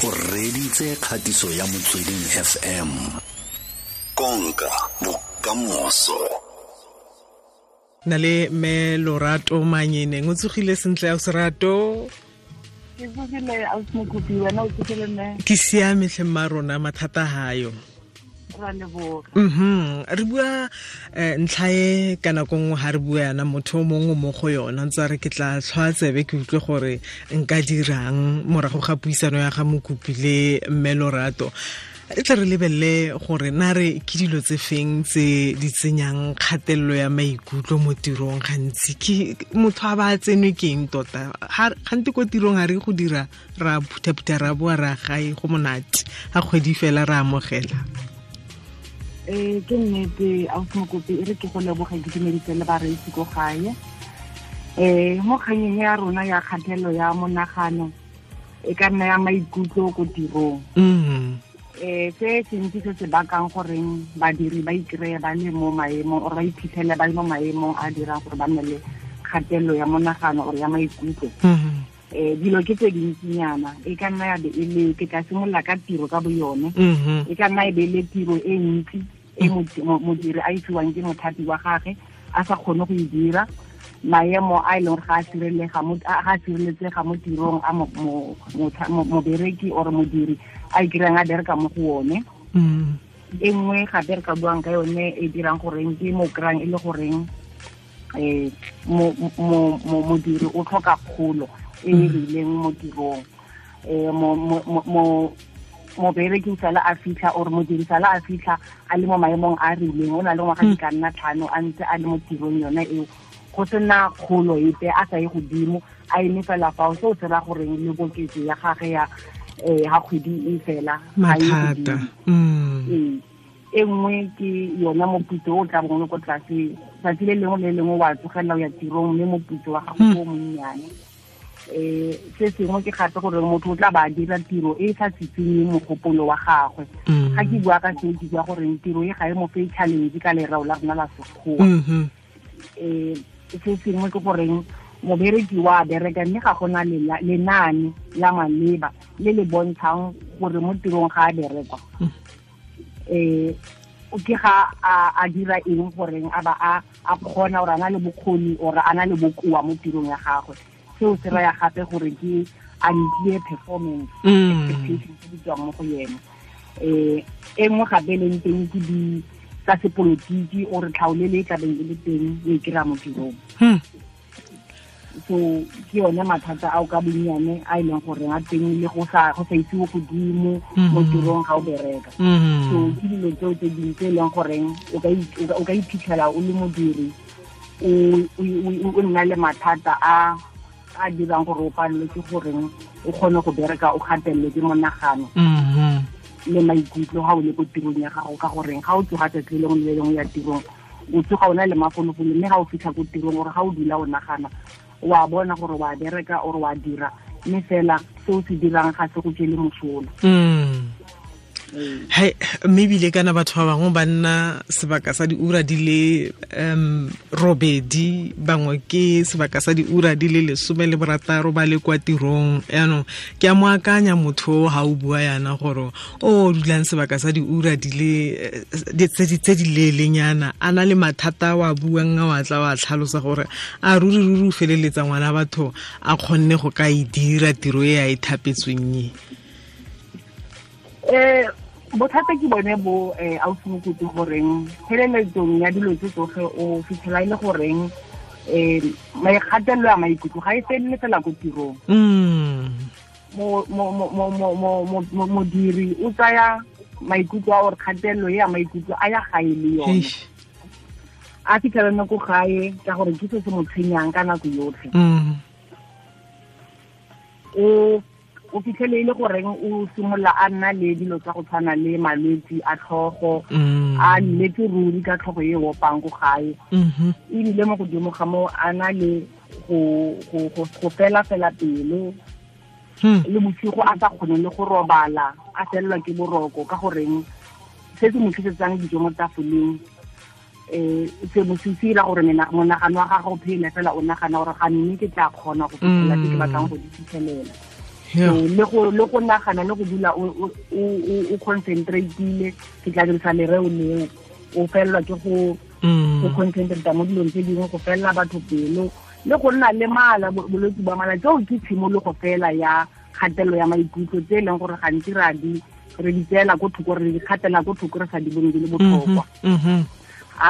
o reditse kgatiso ya motsweding fm konka bokamoso na le me lorato manyene o tsogile sentle a serato ke siame tlhe rona mathata gayo ra mhm re bua eh, ntlha e ka nako nngwe ga re bua yana motho o mongwe mo go yona ntse re ke tla tlhoa tsebe ke utlwe gore nka dirang morago ga puisano ya ga mokopi le mmelorato e tla re lebelele gore na re ke dilo tse feng tse di tsenyang kgatelelo ya maikutlo mo tirong gantsi ke motho a ba tsenwe ke eng tota gante ko tirong ga re go dira ra phuthaphutha phutha ra boa ra gae go monate ga kgwedi fela re amogela eh ke nnete ausi e re ke go leboga ke dumeditse le bareitsi ko gae eh mo kganyeng ya rona ya kgathelo ya monagano e ka nna ya maikutlo ko tirong mm-hmm. eh se se se se bakang goreng badiri ba ikry e ba le mo maemong or ba iphitlhele ba le mo maemong a dirang gore ba nne le kgatelelo ya monagano or ya maikutlo um dilo ke tse dintsinyana e ka nna ya be e le ke ka simolola ka tiro ka bo yone mm-hmm. e ka nna e be e le tiro e ntsi ke modiri a itsiwang ke mothati wa gagwe a sa kgone go e dira maemo a e leng gore ga sireletsega mo tirong a mobereki or modiri a ikirang e a bereka mo go one mm. e nngwe gape re ka buang ka yone e dirang goreng ke mo kry-ang e le goreng um modiri o tlhoka kgolo e e mm. rileng mo tirong um mobereking sala a fitlha or modiri sala a fitlha a le mo maemong a rileng o na le ngwaga di ka nna tlhano a ntse a le mo tirong yone eo go sena kgolo epe a sa ye godimo a eme fela fao se o tsera goreng le boketso ya gage ya um ga kgwedi e fela e mathata mm. e nngwe ke yone moputso o tlabong le ko tlase tsatsi le lengwe le lengwe o a tsogelela o ya tirong mme moputso wa gago hmm. o monnyane um se sengwe ke gape gore motho o tla ba dira tiro e sa sitsenyeng mogopolo wa gagwe mm-hmm. ga ke bua ka ke bua gore tiro e ga e mo fe challenge ka lerao la rona la sekgoa um mm-hmm. eh, se sengwe ke goreng mobereki wa bereka mme ga gona lenaane la maleba le le bontshang gore mo tirong ga a berekwa um ke ga a dira eng goreng a ba a kgona gore a na le bokgoni ore a na le bokoa mo tirong ya gagwe seo se raya gape gore ke unclear performance mm. expectations tse di tswang mo go yena um e nngwe gape e leng teng ke di tsa sepolotiki ore tlhaole le e tlabeng e le teng e kry-a mo tirong hmm. so ke yone mathata a o ka bonnyane a e leng goreng a teng le go sa isiwe godimo mo mm-hmm. tirong ga o bereka mm-hmm. so ke dilo tseo tse dingwe tse e leng goreng o ka iphitlhela o le modiri o nna le mathata a a dirang gore o palelwe ke goreng o kgone go bereka o gatelelwe ke monagano mhm. le maikutlo ga o le ko tirong ya gago ka goreng ga o tsoga tsatsi le lengwe le lengwe ya tirong o tsoga o na le mafolofolo mme ga o fitlha ko tirong gore ga o dula o nagana wa bona gore wa bereka ore wa dira mme fela se o se dirang ga se go tswele mosola mm. hai mme ebile kana batho ba bangwe ba nna sebaka sa diura di le um robedi bangwe ke sebaka sa diura di le lesome le borataro ba le kwa tirong yaanong ke a mo akanya motho o ga o bua yana gore o dulang sebaka sa diura di le tse di leelenyana a na le mathata wa buang a wa tla wa tlhalosa gore a ruri-ruri o feleletsa ngwana batho a kgonne go ka e dira tiro e a e thapetsweng e um bothata ke bone bo um ausi mokutu goreng pheleletsong ya dilo tse tsoge o fitlhela e le goreng um maikgatelelo ya maikutlo ga e felele fela ko tirong modiri o tsaya maikutlo a gore kgatelelo e ya maikutlo a ya gae le yone a fitlhelene ko gae ka gore ke se se mo tshwenyang ka nako yotlhe o fitlhele e goreng o simolola a nna le dilo tsa go tshwana le malwetse a tlhogo mm. a nnetse ruri ka tlhogo e opang ko gae mm-hmm. ebile mo godimo ga moo a na le go fela fela pelo hmm. le bosigo a sa kgone le go robala a felelwa ke boroko ka goreng se se mo tlisetsang dijo mo tafoleng um se mo se gore monagano wa gage go phele fela o nagana gore ga mme ke tla kgona go fitlhela ke ke hmm. batlang go di fitlhelela Eh, le go le go nagana le go dula o o concentratile ke tla dirisa lereo leo o felelwa ke go go mm. concentrata mo dilong tse dingwe go felela batho pelo le go nna le mala bolwetse ba mala tseo ke tshimologo fela ya kgatelo ya maikutlo tse e leng gore gantsi ra di re di tseela ko thoko re di kgatela ko thoko re sa di bone di le mm-hmm, botlhokwa ga mm-hmm.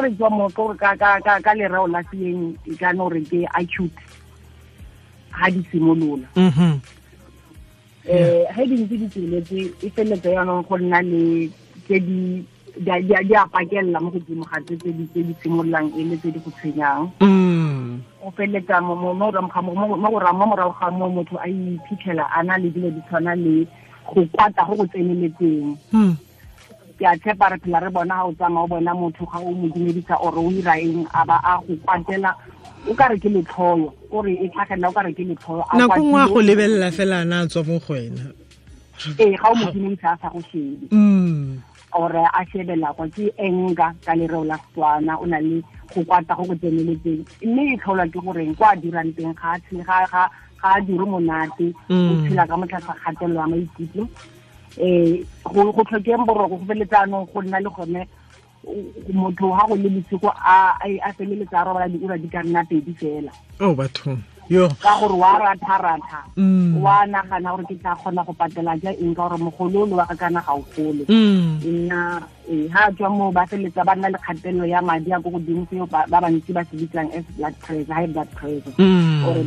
re tswa mo ka lereo la seeng e ka no ke acute ga di simolola mm-hmm eh ha di ntse di tsweletse e feleletse yanong go nna le tse di pa ke pakella mo godimo ga tse di tse di simololang e le tse di go tshwenyang mm. o feleletsa mo mo morago ga mo motho a iphitlhela a na le dilo di tshwana le go kwata go go tseneletseng mm ke a tshepa re phela re bona ga o tsamaya o bona motho ga o mo dumedisa ore o 'ira eng a ba a go kwatela o ka re ke letlhoyo ore e tlhagelela o ka re ke letlhoyo nako nngwe a go lebelela fela na a tswa mo go wena ee ga o mo dumedisa a sa go shebe mm. ore a shebela kwa ke enka ka lereo la setswana o na le go kwata go go tseneletseng mme e tlholwa ke goreng kwa a dirang teng ga a dire monate mm. o tshela ka motlasa kgatelelo ya maikutlo eh go tlhokeng boroko go feletsano go nna le gone motho ha go le bosigo a a feleletsa a robala diura di ka nna pedi fela o oh, bathong ka gore wa ratha-ratha mm. wa nagana gore ke tla kgona go patela ja eng ka gore mogololo wa ka kana ga o gole mm. nna ee, ha tswa mo ba feletsa ba nna le kgatelelo ya madi a ko godimo seo ba bantsi ba se bitsang as blood pressure high blood pressure mm. ore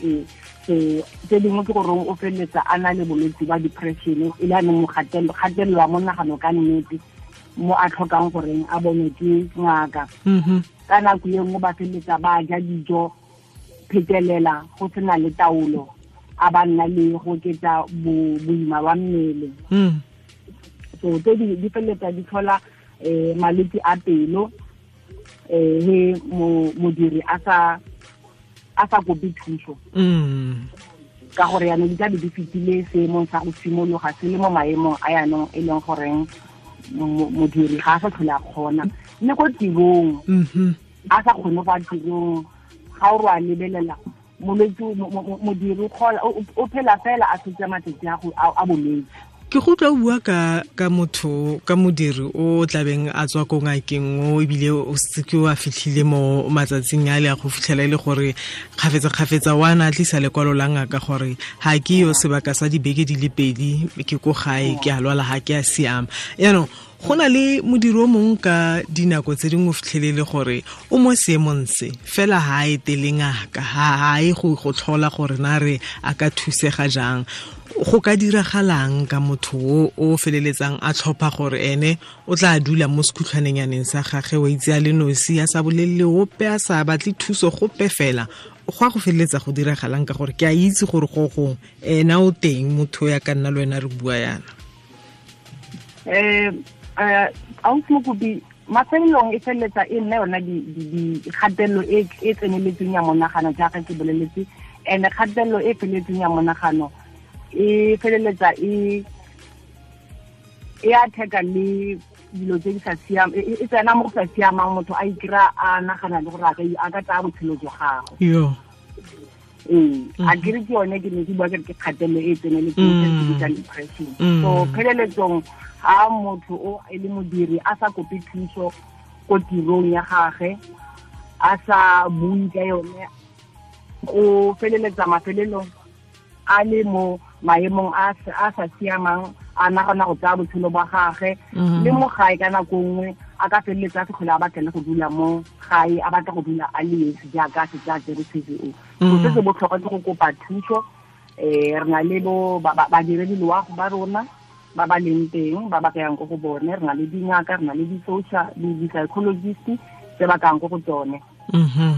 ee, tse ee, dingwe ke gore o feleletsa a na le bolwetse ba depression e le anong kgatelelo ya monagano ka nnete mo a tlhokang goreng a bonwe ke ngaka mm-hmm. ka nako e nngwe ba feleletsa ba ja dijo phetelela go sena le taolo a ba nna le go ketsa boima ba mmele hmm. so tse di feleletsa di tlhola um malwetse a pelo um he modiri a sa kope thuso hmm. ka gore yaanong di tla be di fetile seemong sa go simologa se le mo maemong a yaanong e leng goreng modiri ga a sa tlhole a kgona mme ko tirong hmm. a sa kgone go tirong ga o re a lebelela molwetse modiri o phela fela a tshotse matsatsi a bolwetse ke go tla bua ka ka motho ka modiri o tlabeng a tswa ko ngakeng o ebile o seke wa fitlhile mo matsatsing a le a go fitlhela e le gore kgafetsa-kgafetsa wa na a tlisa lekwalo la ngaka gore ga ke yo sebaka sa dibeke di le pedi ke ko gae ke a lwala ga ke a siama yaanong go na le modiri o mongwe ka dinako tse dingwe o fitlhelele gore o mo seemong se fela ga a etele ngaka ga e go tlhola gore na re a ka thusega jang go ka diragalang ka motho o o feleletsang a tlhopha gore ene o tla dula mo sekhutlhwaneng yaneng sa gage wa itse a le nosi a sa bolelele ope a sa batle thuso gope fela go a go feleletsa go diragalang ka gore ke a itse gore go gong ena o teng motho ya ka nna le wena re bua yana um um ausi mokopi mafelelong e feleletsa e nna yona dikgatelelo e, e tseneletseng ya monagano jaaka ke boleletse and kgatelelo e feleletseng ya monagano e feleletsa e, e a theka le dilo tse di sa siama e, e tsena mo go sa siamang motho a ikira a nagana le gore a ka tsaya botshelo jwa gago Mm. a kere ke yone ke ne ke bua kere ke kgatelo e tseneletseng mm. depression mm. so pheleletsong ha motho o e le modiri a sa kope thuso ko tirong ya gage a sa bui ka yone o feleletsa mafelelong a le mo maemong a sa siamang a nagana go tsaya botshelo ba gage mm-hmm. le mo gae ka nako nngwe a ka feleletsa se tlhole a batlele go dula mo gae a batla go dula a le esi jaaka se tsa jere cvo so mm. se se botlhokwa ke go kopa thuso um re na le bo badiredi loago ba rona ba ba leng teng ba ba ka yang ko go bone re na le dingaka re na le di-social di-psychologist tse ba ka yang ko go tsone mm-hmm.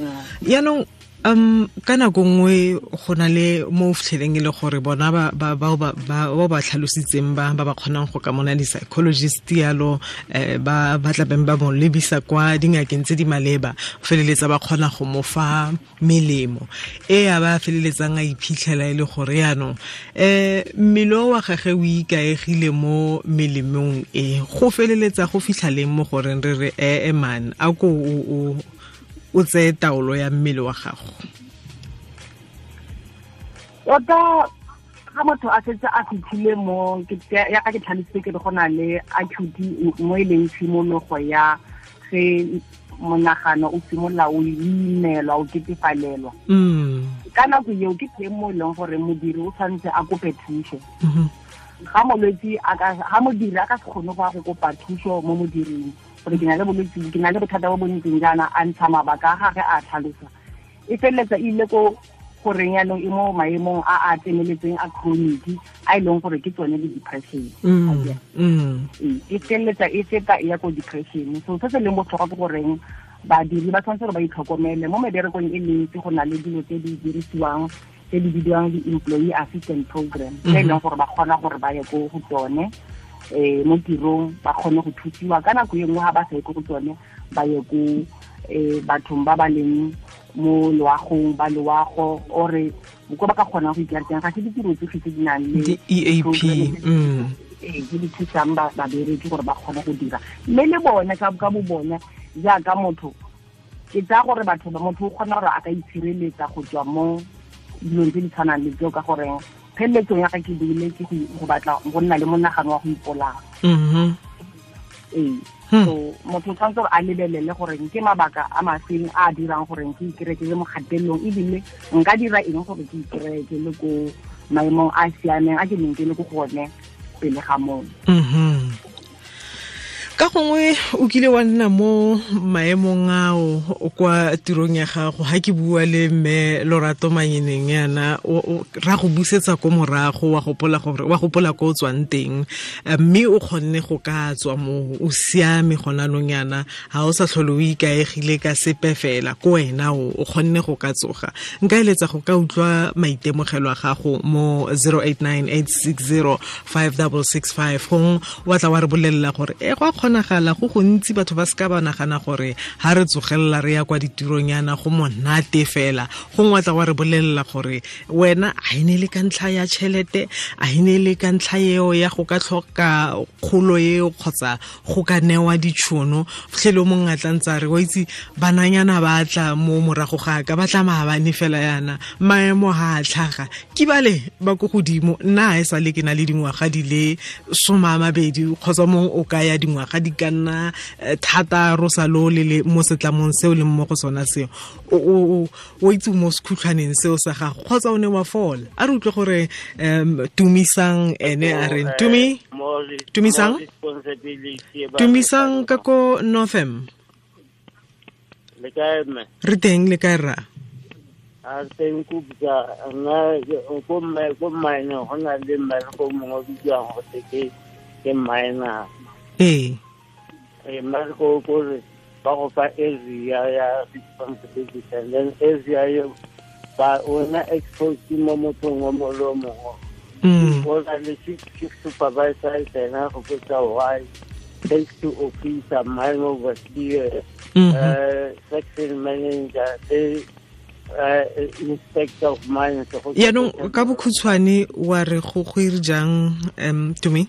mm. yaanong um ka nako nngwe go na le mo o fitlheleng e le gore bona bao ba tlhalositseng ba ba kgonang go ka mona di-psychologist yalo um ba tlabeng ba mo lebisa kwa dingakeng tse di maleba feleletsa ba kgona go mo fa melemo e a ba feleletsang a iphitlhela e le gore yaanong um eh, mmele wa gage o ikaegile mo melemong e go feleletsa go fitlha leng mo goreng re re ee eh, man a ko o o tseye taolo ya mmele wa gago ota ga motho a setse a fitlhile mo ya ke tlhalositse ke re go na le acute mo e leng tshimologo ya ge monagano o simolola o imelwa o ketefalelwa mm. ka nako eo ke teng mo e leng gore modiri o tshwanetse a kope thuso mm-hmm. ga molwetse ga modiri a ka se kgone go ya go kopa thuso mo modiring gore ke na le bolwetse ke na le bothata bo bontseng jaana a ntsha mabaka a gage a tlhalosa e feleletsa e ile ko goreng yaanong e mo maemong a a tseneletseng a chronic a e leng gore ke tsone le depression mm, mm. Ee, e feleletsa e feta e ya ko depression so se se leng botlhokwa ke goreng badiri ba tshwanetse gore ba itlhokomele mo meberekong e mentsi go na le dilo tse di dirisiwang tse di bidiwang di-employee assistant program se e leng mm-hmm. gore ba kgona gore ba ye ko go tsone eh mo tirong ba kgone go thusiwa ka nako e nngwe ga ba sa ye ko go tsone ba ye ko um bathong ba ba leng mo loagong ba loago ore ko ba ka kgonang go ikareteng ga se ditiro tsotlhe tse di nang le di e mm. eh, thusang babereki gore ba kgone go dira mme le bone ka bo bone jaaka motho ke tsaya gore batho ba motho o kgona gore a ka itshireletsa go tswa mo dilong tse di tshwanang le tseo ka goreng pheletsong ya ga ke beile ke go batla go nna le monagano wa go ipolaya mm-hmm. ee hmm. so motho tshwanetse a lebelele gore ke mabaka a mafeng a dirang gore ke ikry ke le mo gatelelong ebile nka dira eng gore ke ikry ke le ko maemong a siameng a ke neng ke le ko gone pele ga mone mm-hmm. gongwe o kile wa nna mo maemong ao kwa tirong ya gago ga ke bua le mme lorato manyeneng yana ra go busetsa ko morago wa gopola ko o tswang teng eh, mme o kgonne go ka tswa mo o siame gonanong yana ga o sa tlhole o ikaegile ka sepe fela ko wena o o kgonne go ka tsoga nka eletsa go ka utlwa maitemogelo a gago mo 089 860 5665 gongwe wa tla wa re bolelela gore e eh, go a kgona bonagala go gontsi batho ba seka ba nagana gore ga re tsogelela re ya kwa ditirong yana go monate fela go ngwatla wa re bolelela gore wena a ine e le ka ntlha ya tšhelete a e ine le ka ntlha eo ya go ka tlhoka kgolo eo kgotsa go ka newa ditšhono tlhele o mongwe a re wa itse bananyana ba tla mo morago ga ka ba tla maabane fela yana maemo ga a tlhaga ke bale ba ko godimo nna a e sa le ke na le dingwaga di le some a kgotsa mongwe o kaya ya dingwaga di di ka nna eh, thataro sa lo le mo setlamong seo le mo go sona seo o itse mo sekhutlhwaneng seo sa gago kgotsa o ne wa fola a re utlwe gore um tumisang ene a reng tumi tumisang e tumisang ka ko northam re teng le kae rra a teng ko bitsa nna ko mine go na le mmane ko mongwe o bidiwang gote ke mine ee mna sikowukuze bakupha eziya ya responsibility and then eziya yo ba ona expose mo motho ngwe mo le hmm. mongwe o na le chief supervisor tena go botsa why takes to officer mine over here mm -hmm. uh, section manager they uh, yaanong ka bokhutshwane wa re go go iri jang um tumeng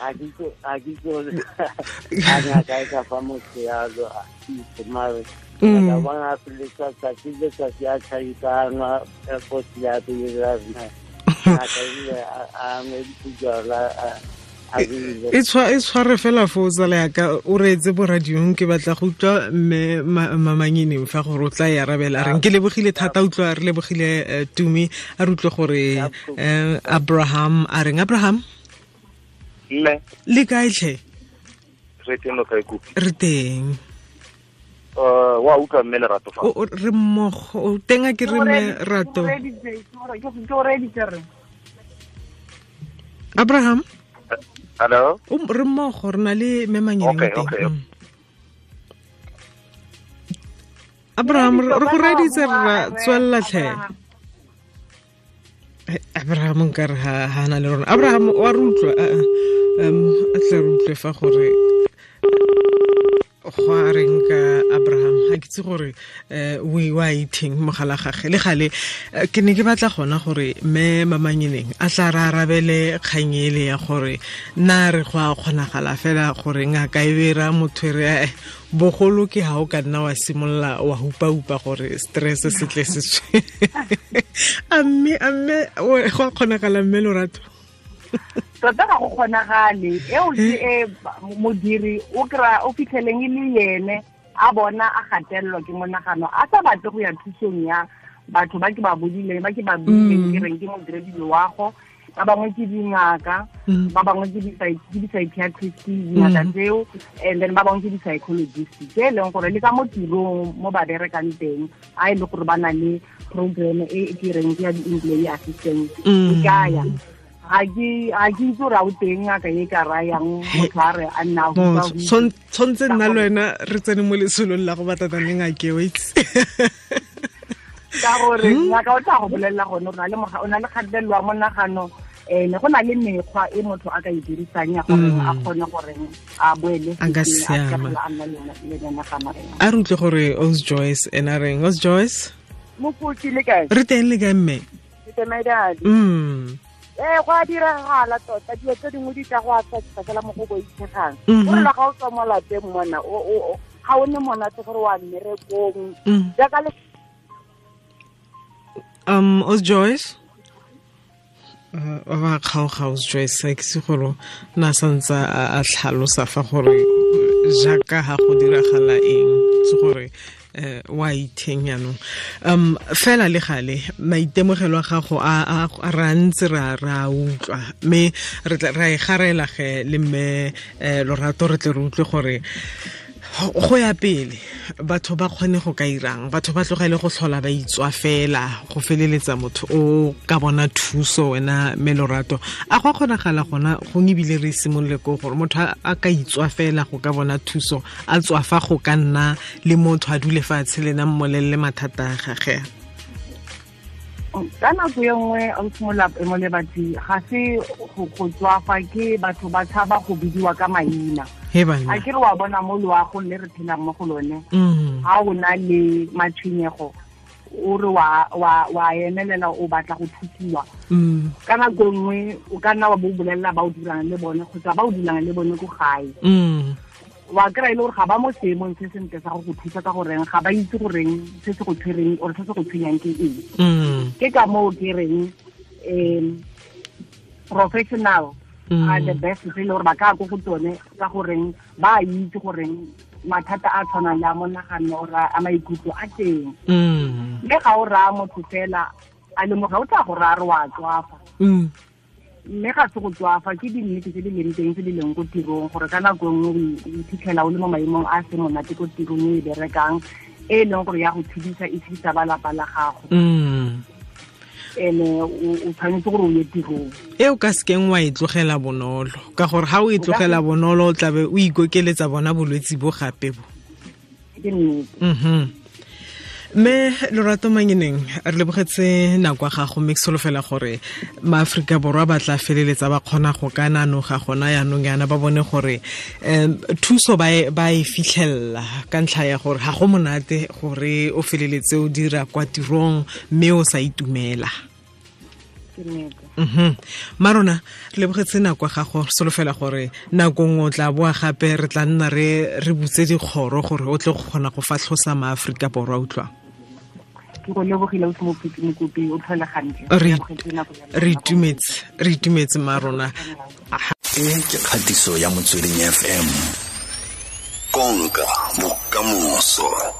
akiko angakaeka famosi yazo akise mare mm. akabona apilesasa kilesa siyachayikanwa ekosi yato yerazina akaile amekujala e tshware fela fo o tsala yaka o reetse bo radiong ke batla go utlwa mme mamanyeneng fa gore o tla e arabela a reng ah. ke lebogile thata utlwa re lebogile eh, tumi a re utlwe gore eh, abraham a reng abraham mme le kae tlhe re teng no kae kopi re teng uh, wa utlwa mme lerato fa re mmogo teng a ke re mme rato abraham hello re mmogo re na le memanyene teng mm. abraham re go reditse rra tswelela tlhe abraham nkare ha na le rona abraham wa re utlwa um a tle re utlwe fa gore eh, go a reng ka abraham ga ke itse gore um o e a itheng mogala gage le gale eh, ke ne ke batla gona gore me mamanyeneng a tla re arabele kgang ele ya gore na re go a kgonagala fela gore ngaka e bera motho e re bogolo ke ga o ka nna wa simolola wa hupa-hupa gore stress se tle se tswe amme amme go a kgonagala mme lorato tota ga go kgonagale eo ke e modiri o o fitlheleng e le ene a bona a gatelelwa ke monagano a sa batle go ya thusong ya batho ba ke ba bodileng ba ke ba buileng mm. ke reng ke modiredi loago ba bangwe ke dingaka mm. ba bangwe ke di-psychiatrist dingaka mm. tseo and then ba bangwe ke di-psychologist tse e leng gore le ka mo tirong mo ba teng a e le gore ba na le programme e e ke reng ke ya di-employee assistance e kaya a ke itse gore a o teng a kae ka rayang motho a re a nna tshwanetse nna le wena re tsene mo lesolong la go batataneng a ke waitse ka gore hmm? ngaka o tla go bolelela gone o na le kgatelelo wa monagano eh, ne go na le mekgwa e motho a ka e dirisang ya gore hmm. a kgone gore a boele a ka siama a re utlwe gore os joyce ena reng os joyce mokoki le kae re teng le kae mme mm eh go a diragala tota dilo tse dingwe di tla go a tsatsa fela mo go boitshegang itshegang mhm. gorela ga o tswa mo mona ga o ne monate gore wa mmerekong mhm. jaaka le um os joyce uh, ba kgaoga os joyce a ke se gore na santse a tlhalosa fa gore jaaka ga go diragala eng se gore eh wa itheng yanong um fela le gale maitemogelo a gago a ra ntse ra ra utlwa mme ra e garela ge le mme eh, lorato re tle re utlwe gore go ya pele batho ba kgone go ka irang batho ba tlogele go tlhola ba itswa fela go feleletsa motho o ka bona thuso wena melorato a go a kgonagala gona gong ebile re simolole ko gore motho a ka itswa fela go ka bona thuso a tswa fa go ka nna le motho a dule fatshe lena mmolelele mathata a gagega ka nako ye nngwe ausimolapo mo lebati ga se go tswafa ke batho ba tshaba go bidiwa ka maina a ke re wa bona mo loago le re phelang mo go lone ga mm-hmm. o na le matshwenyego o re wa emelela o batla go thusiwa mm. ka nako nngwe o ka nna wa bo bolelela ba o dulang le bone kgotsa ba o dulang le bone ko gae mm. wa kry-a e le gore ga ba mo seemong se sentle sa go go thusa ka goreng ga ba itse goreng se se go tshwereng or se se go tshwenyang ke eng mm. ke ka moo ke reng um professional mm. a the best tse e le gore ba ka ko go tsone ka goreng ba itse goreng mathata a tshwanang le a monagano or a maikutlo a teng mme ga o raya motho fela a lemoga o tla go raya re wa tswafa mm mme ga se go tswafa ke dinnete tse di leng teng tse di leng ko tirong gore ka nako e nngwe o iphitlhela o le mo maemong a se monate ko tirong e e berekang e e leng gore ya go tshedisa e tshedisa ba lapa la gago mm. ene o tshwanetse gore o ye tirong e o ka sekeng wa e tlogela bonolo ka gore ga o e tlogela bonolo o tlabe o ikokeletsa bona bolwetse bo gape bo ke nnete mhm. me lorato mangeneng re lebogetse nako ya gago mme ke solofela gore maaforika borwa ba tla feleletsa ba kgona go ka nanoga gona yaanong yana ba bone gore um thuso e, ba e fitlhelela ka ntlha ya gore ga go monate gore o feleletse o dira kwa tirong mme o sa itumela mhm marona re lebogetse nako ya gago re solofela gore nako nngwe o tla boa gape re tla nna re butse dikgoro gore o tle go kgona go fatlhosa maaforika borwa utlwang re itumetse re itumetse marona e ke kgatiso ya motsweding fm konka bokamoso